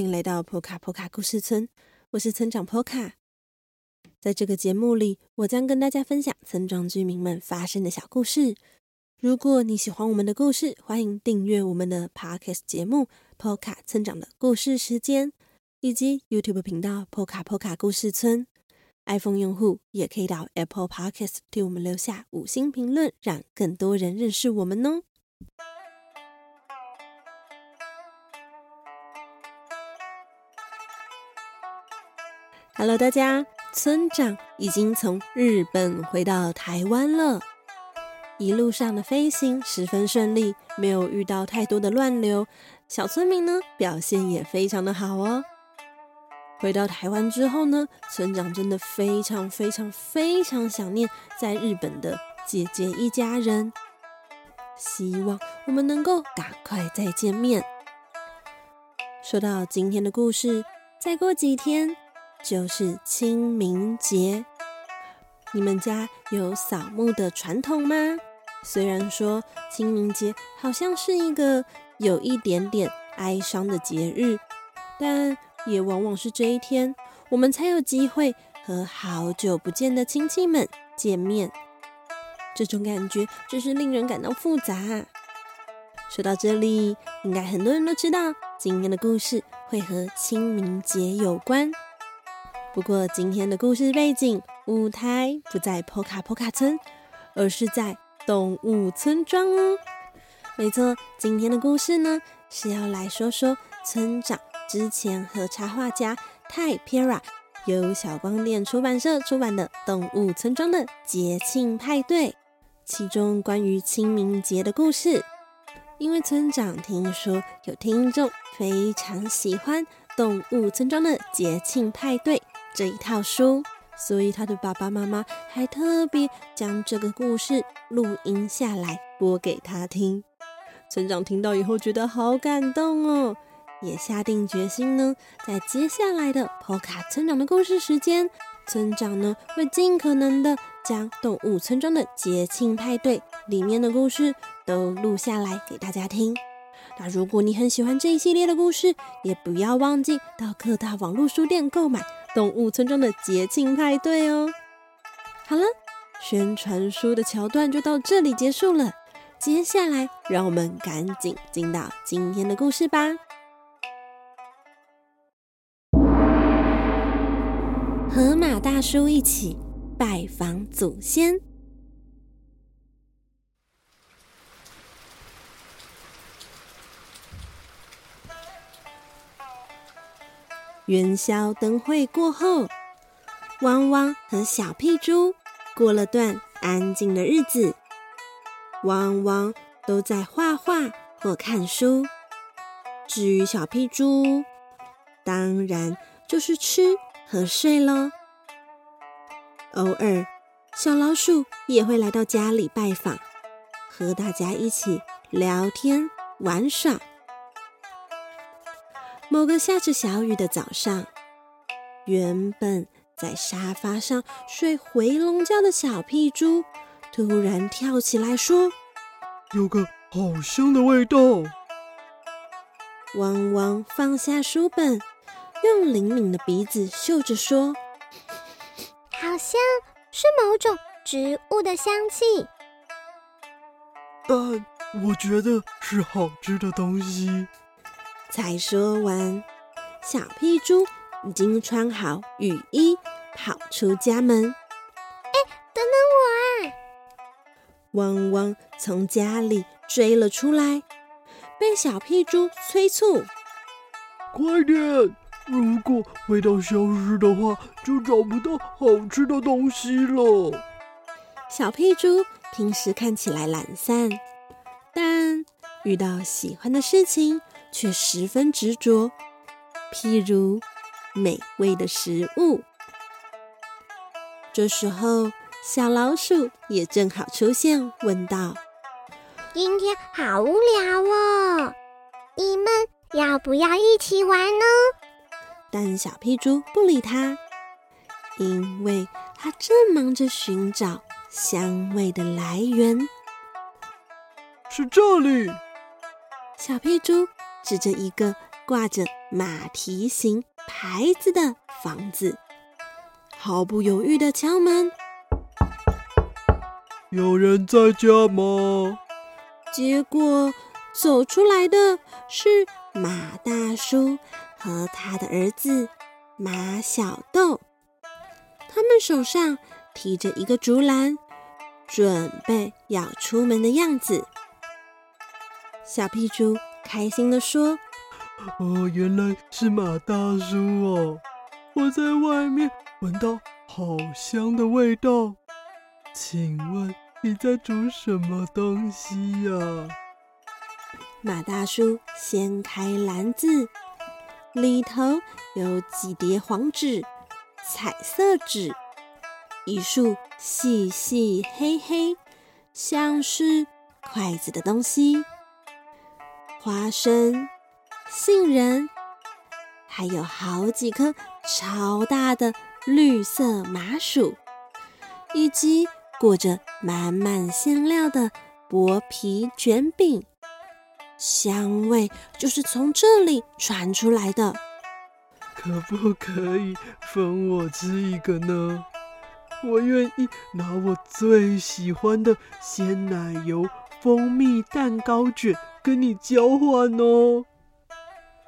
歡迎來到波卡波卡故事村，我是村長波卡。在這個節目裡，我將跟大家分享村莊居民們發生的小故事。如果你喜歡我們的故事，歡迎訂閱我們的 Podcast 節目《波卡村長的故事時間》，以及 YouTube 頻道《波卡波卡故事村》。iPhone 用戶也可以到 Apple Podcast 替我們留下五星評論，讓更多人認識我們哦。Hello，大家！村長已經從日本回到台灣了，一路上的飛行十分順利，沒有遇到太多的亂流。小村民呢，表現也非常的好哦。回到台灣之後呢，村長真的非常非常非常想念在日本的姐姐一家人，希望我們能夠趕快再見面。說到今天的故事，再過幾天。就是清明節，你們家有掃墓的傳統嗎？雖然說清明節好像是一個有一點點哀傷的節日，但也往往是這一天，我們才有機會和好久不見的親戚們見面。這種感覺真是令人感到複雜啊。說到這裡，應該很多人都知道，今天的故事會和清明節有關。不過，今天的故事背景舞台不在ポカポカ村，而是在動物村莊哦。沒錯，今天的故事呢是要來說說村長之前和插畫家 Tai Pera 由小光點出版社出版的《動物村莊的節慶派對》，其中關於清明節的故事。因為村長聽說有聽眾非常喜歡《動物村莊的節慶派對》。這一套書，所以他的爸爸媽媽還特別將這個故事錄音下來播給他聽。村長聽到以後覺得好感動哦，也下定決心呢，在接下來的 Poca 村長的故事時間，村長呢會盡可能的將動物村莊的節慶派對裡面的故事都錄下來給大家聽。那如果你很喜歡這一系列的故事，也不要忘記到各大網絡書店購買。動物村莊的節慶派對哦！好了，宣傳書的橋段就到這裡結束了。接下來，讓我們趕緊進到今天的故事吧。和馬大叔一起拜訪祖先。元宵燈會過後，汪汪和小屁豬過了段安靜的日子。汪汪都在畫畫或看書，至於小屁豬，當然就是吃和睡嘍。偶爾，小老鼠也會來到家裡拜訪，和大家一起聊天玩耍。某個下着小雨的早上，原本在沙發上睡回籠覺的小屁豬，突然跳起來說：“有個好香的味道。”汪汪放下書本，用靈敏的鼻子嗅着說：“好香，是某種植物的香氣，但我覺得是好吃的東西。”才說完，小屁豬已經穿好雨衣，跑出家門。哎，等等我啊！汪汪從家裡追了出來，被小屁豬催促：“快點！如果味道消失的話，就找不到好吃的東西了。”小屁豬平時看起來懶散，但遇到喜歡的事情卻十分執着，譬如美味的食物。這時候，小老鼠也正好出現，問道：“今天好無聊哦，你們要不要一起玩呢？”但小屁豬不理他，因為他正忙着尋找香味的來源。是這裡，小屁豬。指着一個掛着馬蹄形牌子的房子，毫不猶豫的敲門：“有人在家嗎？”結果走出來的是馬大叔和他的兒子馬小豆，他們手上提着一個竹籃，準備要出門的樣子。小屁豬。開心地說：“哦，原來是馬大叔哦！我在外面聞到好香的味道，請問你在煮什麼東西呀？”馬大叔掀開籃子，裡頭有幾疊黃紙、彩色紙，一束細細黑黑，像是筷子的東西。花生、杏仁，還有好幾顆超大的綠色麻薯，以及裹着滿滿餡料的薄皮卷餅，香味就是從這裡傳出來的。可不可以分我吃一個呢？我願意拿我最喜歡的鮮奶油蜂蜜蛋糕卷跟你交換哦，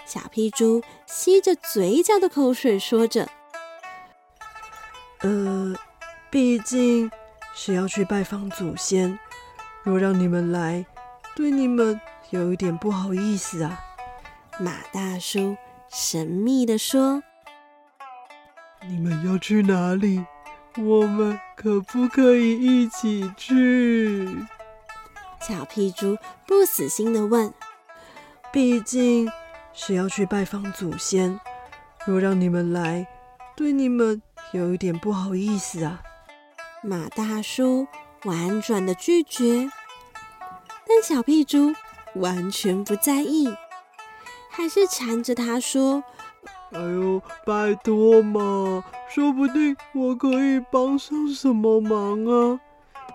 小屁豬吸着嘴角的口水說着：“呃，畢竟是要去拜訪祖先，若讓你們來，對你們有一點不好意思啊。”馬大叔神秘的說：“你們要去哪裡？我們可不可以一起去？”小屁豬不死心地問：“畢竟是要去拜訪祖先，若讓你們來，對你們有一點不好意思啊。”馬大叔婉轉地拒絕，但小屁豬完全不在意，還是纏着他說：“哎呦，拜托嘛，說不定我可以幫上什麼忙啊！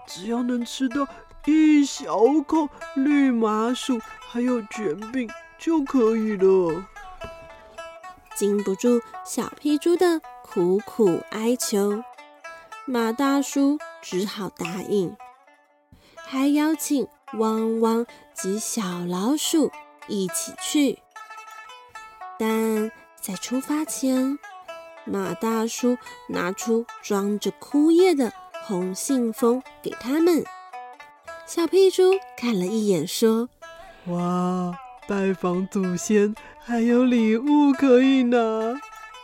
只要能吃到……”一小口綠麻薯，還有卷餅就可以了。禁不住小屁豬的苦苦哀求，馬大叔只好答應，還邀請汪汪及小老鼠一起去。但在出發前，馬大叔拿出裝着枯葉的紅信封給他們。小屁豬看了一眼，說：“哇，拜訪祖先還有禮物可以拿，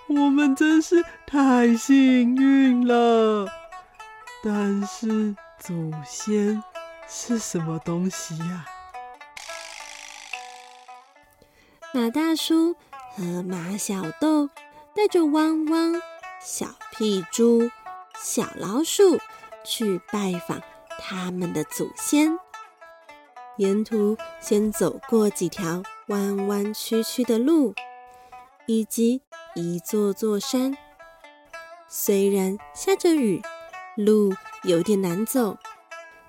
我們真是太幸運了。但是祖先是什麼東西呀、啊？”馬大叔和馬小豆帶着汪汪、小屁豬、小老鼠去拜訪。他們的祖先沿途先走過幾條彎彎曲曲的路，以及一座座山。雖然下着雨，路有點難走，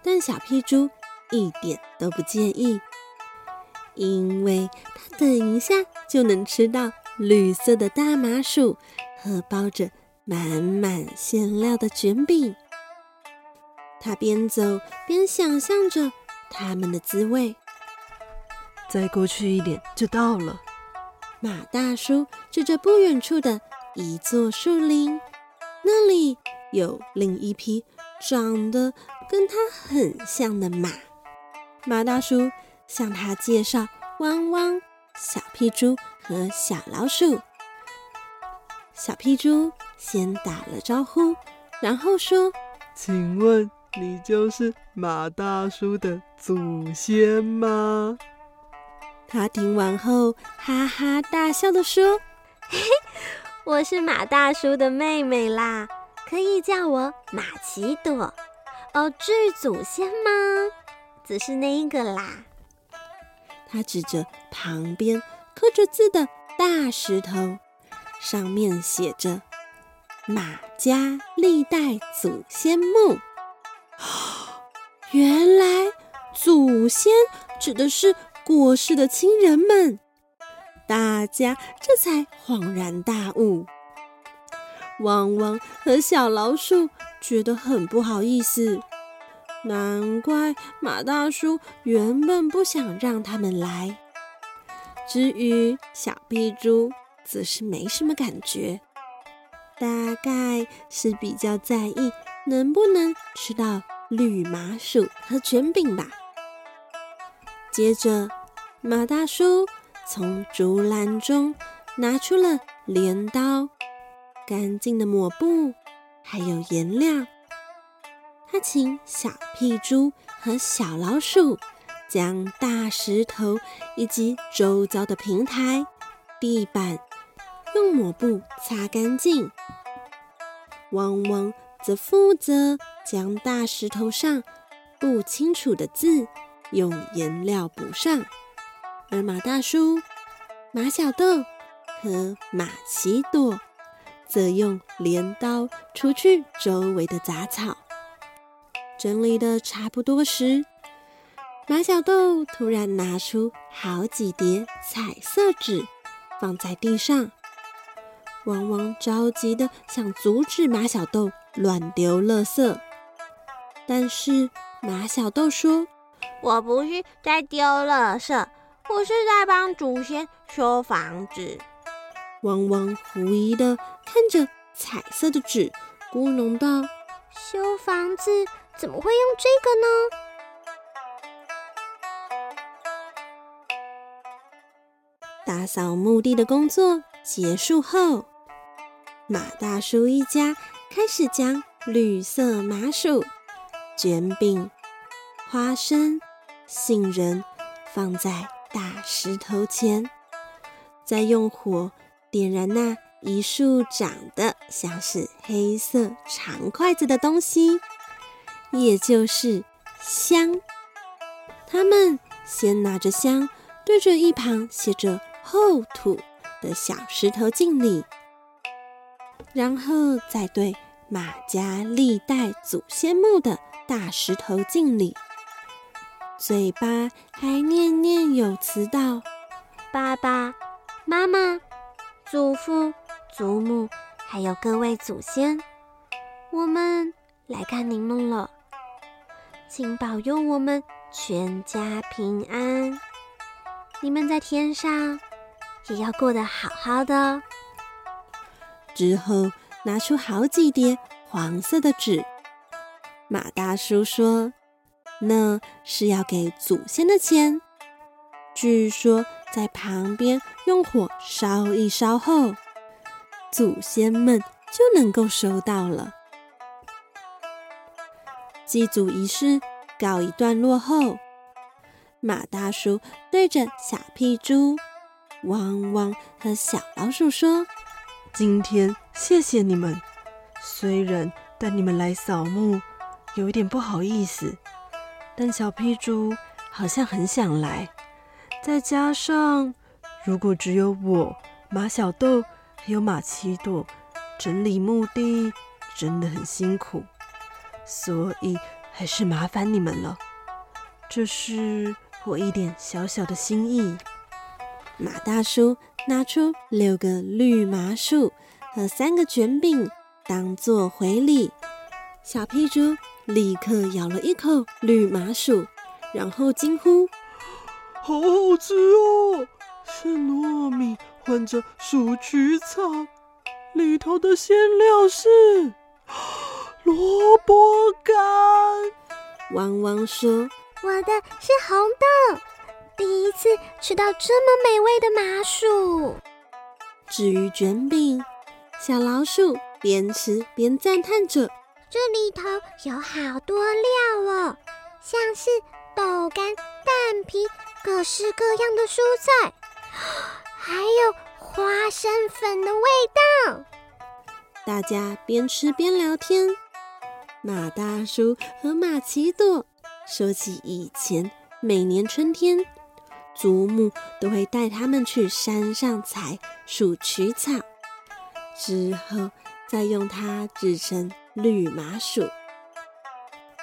但小屁豬一點都不介意，因為他等一下就能吃到綠色的大麻薯和包着滿滿餡料的卷餅。他邊走邊想象着他們的滋味，再過去一點就到了。馬大叔指着不遠處的一座樹林，那裡有另一匹長得跟他很像的馬。馬大叔向他介紹汪汪、小屁豬和小老鼠。小屁豬先打了招呼，然後說：“請問。”你就是馬大叔的祖先嗎？他聽完後哈哈大笑地說：嘿嘿，“我是馬大叔的妹妹啦，可以叫我馬奇朵。哦，至於祖先嗎？只是那個啦。”他指着旁邊刻着字的大石頭，上面寫着“馬家歷代祖先墓”。原來祖先指的是過世的親人們，大家這才恍然大悟。汪汪和小老鼠覺得很不好意思，難怪馬大叔原本不想讓他們來。至於小屁豬，則是沒什麼感覺，大概是比較在意，能不能吃到綠麻薯和卷餅吧？接着，馬大叔從竹籃中拿出了鐮刀、乾淨的抹布，還有顏料。他請小屁豬和小老鼠將大石頭以及周遭的平台、地板用抹布擦乾淨。汪汪則負責將大石頭上不清楚的字用顏料補上，而馬大叔、馬小豆和馬奇朵則用鐮刀除去周圍的雜草。整理得差不多時，馬小豆突然拿出好幾疊彩色紙放在地上，汪汪着急地想阻止馬小豆。亂丟垃圾。但是馬小豆說：“我不是在丟垃圾，我是在幫祖先修房子。”汪汪狐疑的看着彩色的紙，咕哝道：“修房子怎麼會用這個呢？”打掃墓地的工作結束後，馬大叔一家。開始將綠色麻薯、捲餅、花生、杏仁放在大石頭前，再用火點燃那一束長得像是黑色長筷子的東西，也就是香。他們先拿着香，對着一旁寫着“後土”的小石頭敬禮。然後再對馬家歷代祖先墓的大石頭敬禮，嘴巴還念念有詞道：“爸爸媽媽、祖父、祖母，還有各位祖先，我們來看您們了，請保佑我們全家平安。你們在天上也要過得好好的哦。”之後拿出好幾疊黃色的紙，馬大叔說：“那是要給祖先的錢，據說在旁邊用火燒一燒後，祖先們就能夠收到了。”祭祖儀式告一段落後，馬大叔對着小屁豬、汪汪和小老鼠說。今天謝謝你們，雖然帶你們來掃墓，有一點不好意思，但小屁豬好像很想來，再加上如果只有我、馬小豆還有馬奇朵整理墓地真的很辛苦，所以還是麻煩你們了，這是我一點小小的心意。馬大叔拿出六個綠麻薯和三個卷餅當做回禮，小屁豬立刻咬了一口綠麻薯，然後驚呼：“好好吃哦！是糯米換着鼠曲草，裡頭的餡料是蘿蔔乾。”汪汪說：“我的是紅豆。”第一次吃到這麼美味的麻薯。至於卷餅，小老鼠邊吃邊讚嘆着：“這裡頭有好多料哦，像是豆乾、蛋皮、各式各樣的蔬菜，還有花生粉的味道。”大家邊吃邊聊天。馬大叔和馬奇朵說起以前每年春天。祖母都會帶他們去山上採鼠麴草，之後再用它製成綠麻薯。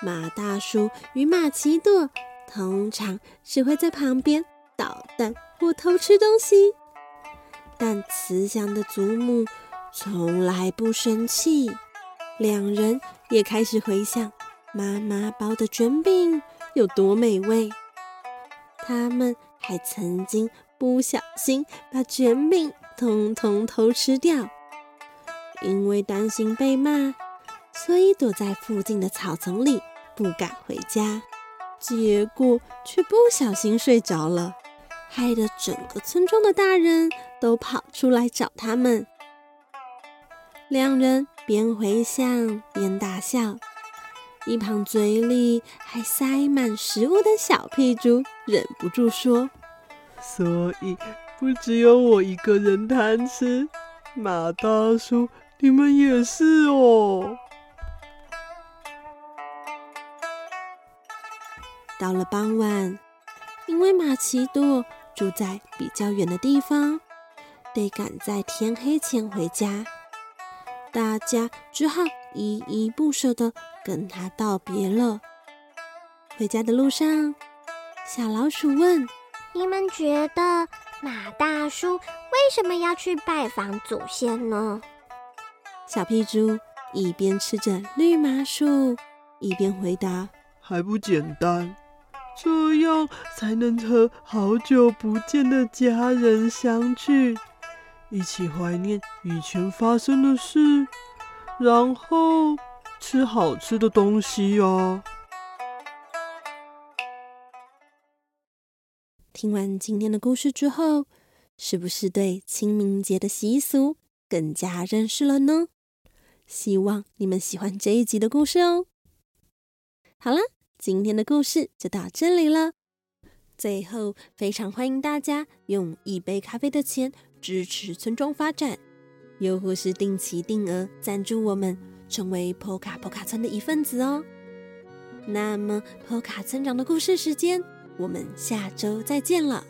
馬大叔與馬奇朵通常只會在旁邊搗蛋或偷吃東西，但慈祥的祖母從來不生氣。兩人也開始回想媽媽包的捲餅有多美味。他們，還曾經不小心把捲餅統統偷吃掉，因為擔心被罵，所以躲在附近的草叢裡不敢回家，結果卻不小心睡着了，害得整個村莊的大人都跑出來找他們。兩人邊回想邊大笑。一旁嘴裡還塞滿食物的小屁豬忍不住說：“所以不只有我一個人貪吃，馬大叔，你們也是哦。”到了傍晚，因為馬奇朵住在比較遠的地方，得趕在天黑前回家，大家只好依依不捨的跟他道別了。回家的路上，小老鼠問：“你們覺得馬大叔為什麼要去拜訪祖先呢？”小屁豬一邊吃着綠麻薯，一邊回答：“還不簡單，這樣才能和好久不見的家人相聚，一起懷念以前發生的事。”然後吃好吃的東西哦、啊。聽完今天的故事之後，是不是對清明節的習俗更加認識了呢？希望你們喜歡這一集的故事哦。好了，今天的故事就到這裡了。最後，非常歡迎大家用一杯咖啡的錢支持村莊發展。又或是定期定額贊助我們，成為 Poca Poca 村的一份子哦。那麼，Poca 村長的故事時間，我們下周再見了。